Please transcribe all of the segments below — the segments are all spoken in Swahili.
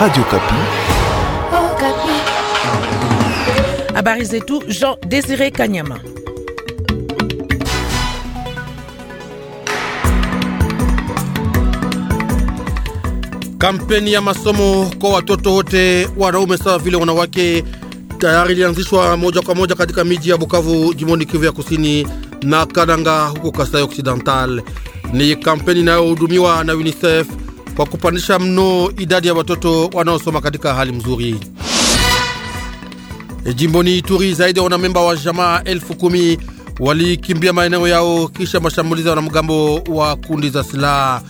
Radio Kapi. Habari zetu Jean Désiré Kanyama. Kampeni ya masomo kwa watoto wote wanaume sawa vile wanawake tayari ilianzishwa moja kwa moja katika miji ya Bukavu, jimboni Kivu ya Kusini na Kananga huko Kasai Occidental. Ni kampeni inayohudumiwa na UNICEF kwa kupandisha mno idadi ya watoto wanaosoma katika hali mzuri. E, jimboni Ituri zaidi ya wanamemba wa jamaa elfu kumi walikimbia maeneo yao kisha mashambulizi ya wanamgambo wa kundi za silaha.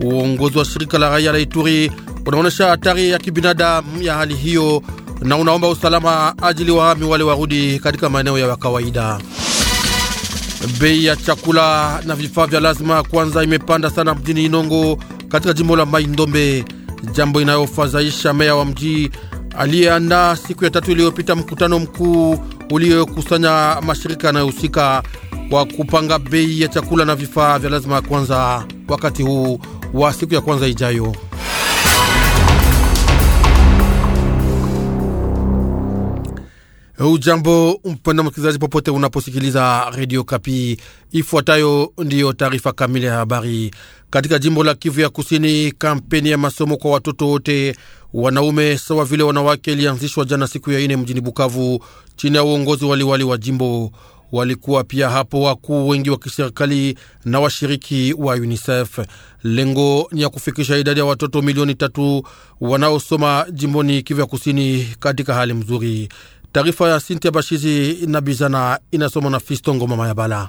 Uongozi wa shirika la raia la Ituri unaonyesha hatari ya kibinadamu ya hali hiyo na unaomba usalama ajili wahami wale warudi katika maeneo ya kawaida. Bei ya chakula na vifaa vya lazima kwanza imepanda sana mjini Inongo katika jimbo la Mai Ndombe, jambo inayofadhaisha meya wa mji aliyeandaa siku ya tatu iliyopita mkutano mkuu uliokusanya mashirika yanayohusika kwa kupanga bei ya chakula na vifaa vya lazima ya kwanza wakati huu wa siku ya kwanza ijayo. Ujambo mpenda msikilizaji, popote unaposikiliza redio Kapi. Ifuatayo ndiyo taarifa kamili ya habari. Katika jimbo la Kivu ya Kusini, kampeni ya masomo kwa watoto wote wanaume sawa vile wanawake ilianzishwa jana siku ya ine mjini Bukavu chini ya uongozi waliwali wa jimbo. Walikuwa pia hapo wakuu wengi wa kiserikali na washiriki wa UNICEF. Lengo ni ya kufikisha idadi ya watoto milioni tatu wanaosoma jimboni Kivu ya Kusini katika hali mzuri. Taarifa ya Sintia Bashizi na Bizana inasomwa na Fistongo Mama ya Bala.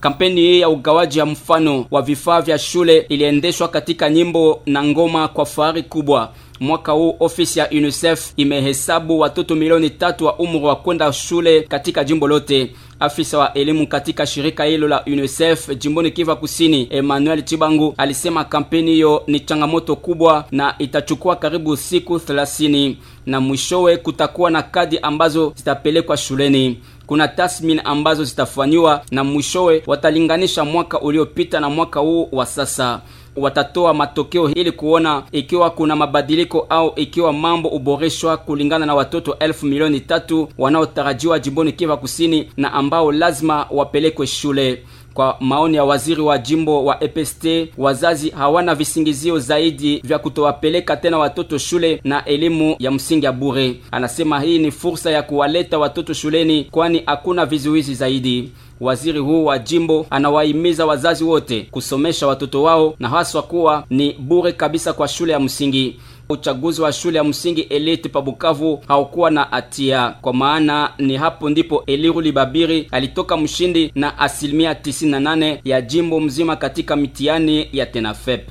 Kampeni hii ya ugawaji ya mfano wa vifaa vya shule iliendeshwa katika nyimbo na ngoma kwa fahari kubwa. Mwaka huu ofisi ya UNICEF imehesabu watoto milioni tatu wa umri wa kwenda shule katika jimbo lote. Afisa wa elimu katika shirika hilo la UNICEF jimboni Kiva Kusini, Emmanuel Chibangu alisema kampeni hiyo ni changamoto kubwa na itachukua karibu siku 30 na mwishowe kutakuwa na kadi ambazo zitapelekwa shuleni. Kuna tathmini ambazo zitafanywa na mwishowe watalinganisha mwaka uliopita na mwaka huu wa sasa watatoa matokeo ili kuona ikiwa kuna mabadiliko au ikiwa mambo uboreshwa kulingana na watoto elfu milioni tatu wanaotarajiwa jimboni Kiva Kusini na ambao lazima wapelekwe shule. Kwa maoni ya waziri wa jimbo wa EPST, wazazi hawana visingizio zaidi vya kutowapeleka tena watoto shule na elimu ya msingi ya bure. Anasema hii ni fursa ya kuwaleta watoto shuleni, kwani hakuna vizuizi zaidi. Waziri huu wa jimbo anawahimiza wazazi wote kusomesha watoto wao na haswa kuwa ni bure kabisa kwa shule ya msingi uchaguzi wa shule ya msingi Elite pa Bukavu haukuwa na atia kwa maana ni hapo ndipo Eliru Libabiri alitoka mshindi na asilimia 98 ya jimbo mzima katika mitihani ya TENAFEP.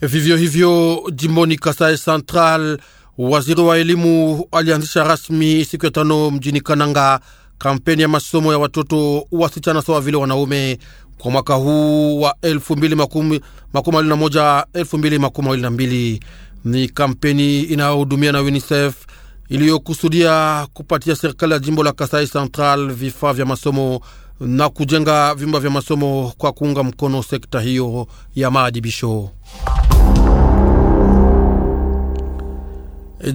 Vivyo hivyo jimboni Kasai Central, waziri wa elimu alianzisha rasmi siku ya tano mjini Kananga kampeni ya masomo ya watoto wasichana sawa vile wanaume kwa mwaka huu wa 2021-2022 ni kampeni inayohudumia na UNICEF iliyokusudia kupatia serikali ya jimbo la Kasai Central vifaa vya masomo na kujenga vyumba vya masomo kwa kuunga mkono sekta hiyo ya maadibisho.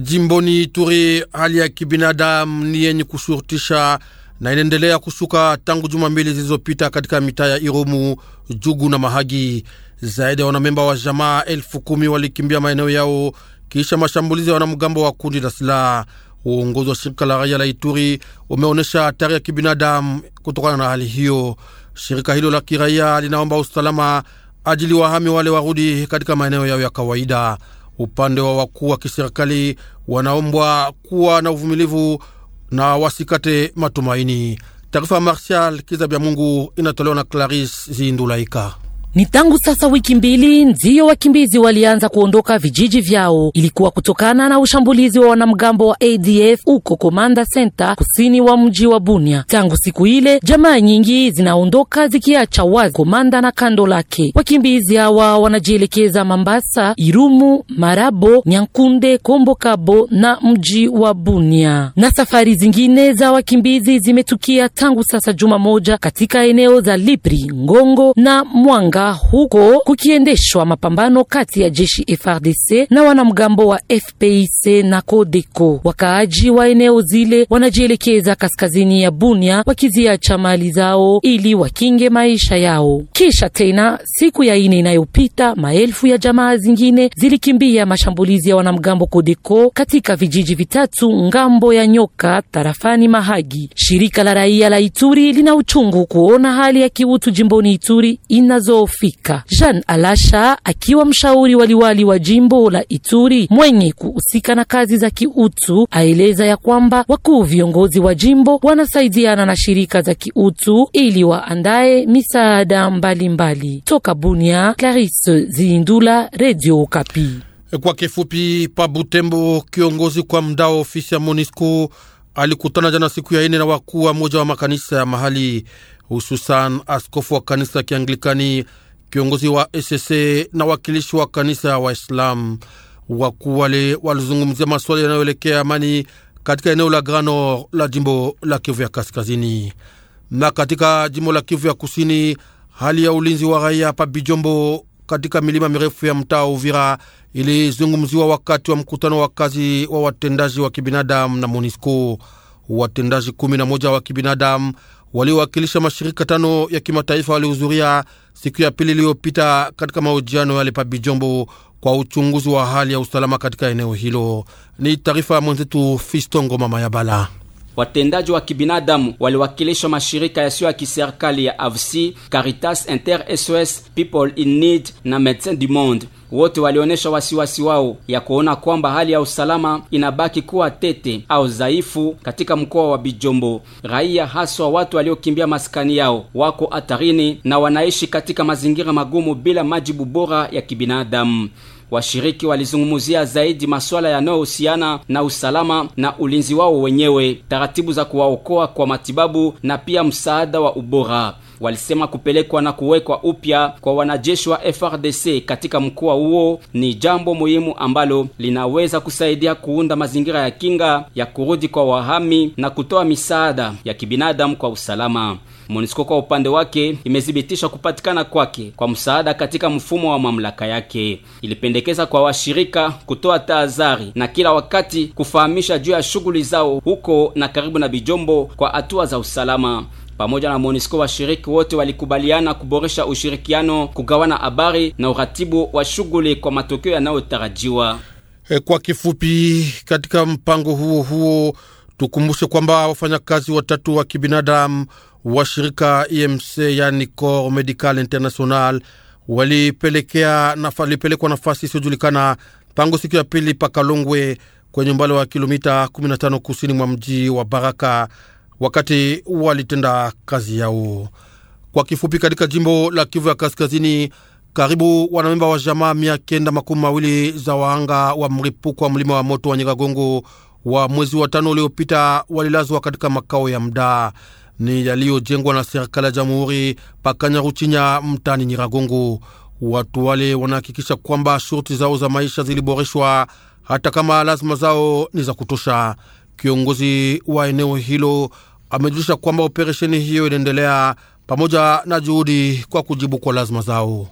Jimboni Ituri, hali ya kibinadamu ni yenye kushurutisha na inaendelea kushuka tangu juma mbili zilizopita katika mitaa ya Irumu, Jugu na Mahagi. Zaidi ya wanamemba wa jamaa elfu kumi walikimbia maeneo yao kisha mashambulizi ya wanamgambo wa kundi la silaha. Uongozi wa shirika la raia la Ituri umeonyesha hatari ya kibinadamu kutokana na hali hiyo. Shirika hilo la kiraia linaomba usalama ajili wahami wale warudi katika maeneo yao ya kawaida. Upande wa wakuu wa kiserikali wanaombwa kuwa na uvumilivu na wasikate matumaini. Taarifa ya Martial Kizabya Mungu inatolewa na Clarisse Zindulaika. Ni tangu sasa wiki mbili ndiyo wakimbizi walianza kuondoka vijiji vyao. Ilikuwa kutokana na ushambulizi wa wanamgambo wa ADF uko Komanda Center kusini wa mji wa Bunia. Tangu siku ile, jamaa nyingi zinaondoka zikiacha wazi Komanda na kando lake. Wakimbizi hawa wanajielekeza Mambasa, Irumu, Marabo, Nyankunde, Kombo Kabo na mji wa Bunia. Na safari zingine za wakimbizi zimetukia tangu sasa juma moja katika eneo za Lipri, Ngongo na Mwanga katika huko kukiendeshwa mapambano kati ya jeshi FRDC na wanamgambo wa FPIC na Kodeko. Wakaaji wa eneo zile wanajielekeza kaskazini ya Bunia wakiziacha mali zao ili wakinge maisha yao. Kisha tena siku ya ine inayopita, maelfu ya jamaa zingine zilikimbia mashambulizi ya wanamgambo Kodeko katika vijiji vitatu ngambo ya Nyoka tarafani Mahagi. Shirika la raia la Ituri lina uchungu kuona hali ya kiutu jimboni Ituri inazo yaliyofika. Jean Alasha akiwa mshauri wa liwali wa jimbo la Ituri mwenye kuhusika na kazi za kiutu aeleza ya kwamba wakuu viongozi wa jimbo wanasaidiana na shirika za kiutu ili waandae misaada mbalimbali. Toka Bunia, Clarisse Zindula, Radio Kapi. Kwa kifupi, pa Butembo, kiongozi kwa mdao ofisi ya Monisco alikutana jana siku ya ine na wakuu wa moja wa makanisa ya mahali hususan askofu wa kanisa ya Kianglikani, kiongozi wa esese na wakilishi wa kanisa ya Waislamu. Wakuu wale walizungumzia maswali yanayoelekea amani katika eneo la Grand Nord la jimbo la Kivu ya kaskazini na katika jimbo la Kivu ya kusini. Hali ya ulinzi wa raia pa Bijombo katika milima mirefu ya mtaa wa Uvira ilizungumziwa wakati wa mkutano wa kazi wa watendaji wa kibinadamu na MONISCO. Watendaji kumi na moja wa kibinadamu waliowakilisha mashirika tano ya kimataifa walihudhuria siku ya pili iliyopita katika mahojiano yale pa Bijombo kwa uchunguzi wa hali ya usalama katika eneo hilo. Ni taarifa ya mwenzetu Fistongo Mama ya Bala. Watendaji wa kibinadamu waliwakilisha mashirika yasiyo ya kiserikali ya AVSI, Caritas Inter SOS, People in Need na Medecins du Monde wote walionyesha wasiwasi wao ya kuona kwamba hali ya usalama inabaki kuwa tete au dhaifu katika mkoa wa Bijombo. Raia haswa watu waliokimbia maskani yao wako hatarini na wanaishi katika mazingira magumu bila majibu bora ya kibinadamu. Washiriki walizungumzia zaidi masuala yanayohusiana na usalama na ulinzi wao wenyewe, taratibu za kuwaokoa kwa matibabu na pia msaada wa ubora walisema kupelekwa na kuwekwa upya kwa wanajeshi wa FRDC katika mkoa huo ni jambo muhimu ambalo linaweza kusaidia kuunda mazingira ya kinga ya kurudi kwa wahami na kutoa misaada ya kibinadamu kwa usalama. MONUSCO kwa upande wake imethibitisha kupatikana kwake kwa msaada katika mfumo wa mamlaka yake. Ilipendekeza kwa washirika kutoa tahadhari na kila wakati kufahamisha juu ya shughuli zao huko na karibu na Bijombo kwa hatua za usalama pamoja na MONUSCO, washiriki wote walikubaliana kuboresha ushirikiano, kugawana habari na uratibu wa shughuli kwa matokeo yanayotarajiwa. Eh, kwa kifupi, katika mpango huo huo tukumbushe kwamba wafanyakazi watatu wa kibinadamu wa shirika EMC yani Corps Medical International walipelekea walipelekwa nafasi isiyojulikana tangu siku ya pili pakalongwe kwenye umbali wa kilomita 15 kusini mwa mji wa Baraka wakati walitenda kazi yao. Kwa kifupi, katika jimbo la Kivu ya Kaskazini, karibu wanamemba wa jamaa mia kenda makumi mawili za waanga wa mripuko wa mlima wa moto wa Nyiragongo wa mwezi wa tano uliopita walilazwa katika makao ya mdaa ni yaliyojengwa na serikali ya jamhuri Pakanyaruchinya mtani Nyiragongo. Watu wale wanahakikisha kwamba shurti zao za maisha ziliboreshwa hata kama lazima zao ni za kutosha. Kiongozi wa eneo hilo amejulisha kwamba operesheni hiyo inaendelea pamoja na juhudi kwa kujibu kwa lazima zao.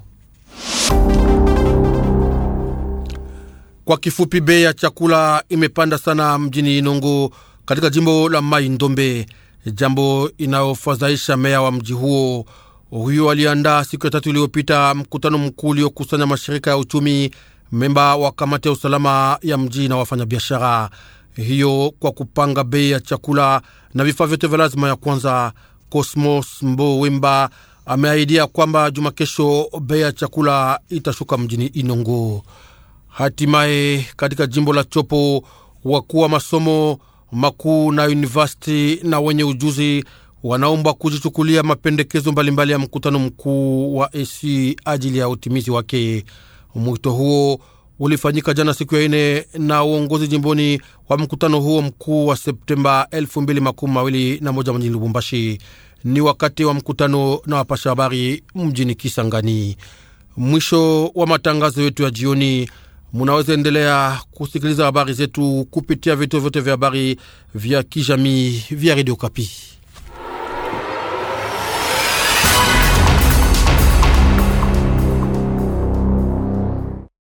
Kwa kifupi, bei ya chakula imepanda sana mjini Inongo katika jimbo la Mai Ndombe, jambo inayofadhaisha meya wa mji huo. Huyo aliandaa siku ya tatu iliyopita mkutano mkuu uliokusanya mashirika ya uchumi, memba wa kamati ya usalama ya mji na wafanyabiashara hiyo kwa kupanga bei ya chakula na vifaa vyote vya lazima ya kwanza. Cosmos Mbo Wimba ameahidia kwamba juma kesho bei ya chakula itashuka mjini Inongo. Hatimaye katika jimbo la Chopo, wakuu wa masomo makuu na universiti na wenye ujuzi wanaombwa kujichukulia mapendekezo mbalimbali ya mkutano mkuu wa esi ajili ya utimizi wake. Mwito huo ulifanyika jana siku ya ine na uongozi jimboni wa mkutano huo mkuu wa Septemba 2021 mjini Lubumbashi. Ni wakati wa mkutano na wapasha habari mjini Kisangani. Mwisho wa matangazo yetu ya jioni. Munaweza endelea kusikiliza habari zetu kupitia vituo vyote vya habari vya kijamii vya redio Kapi.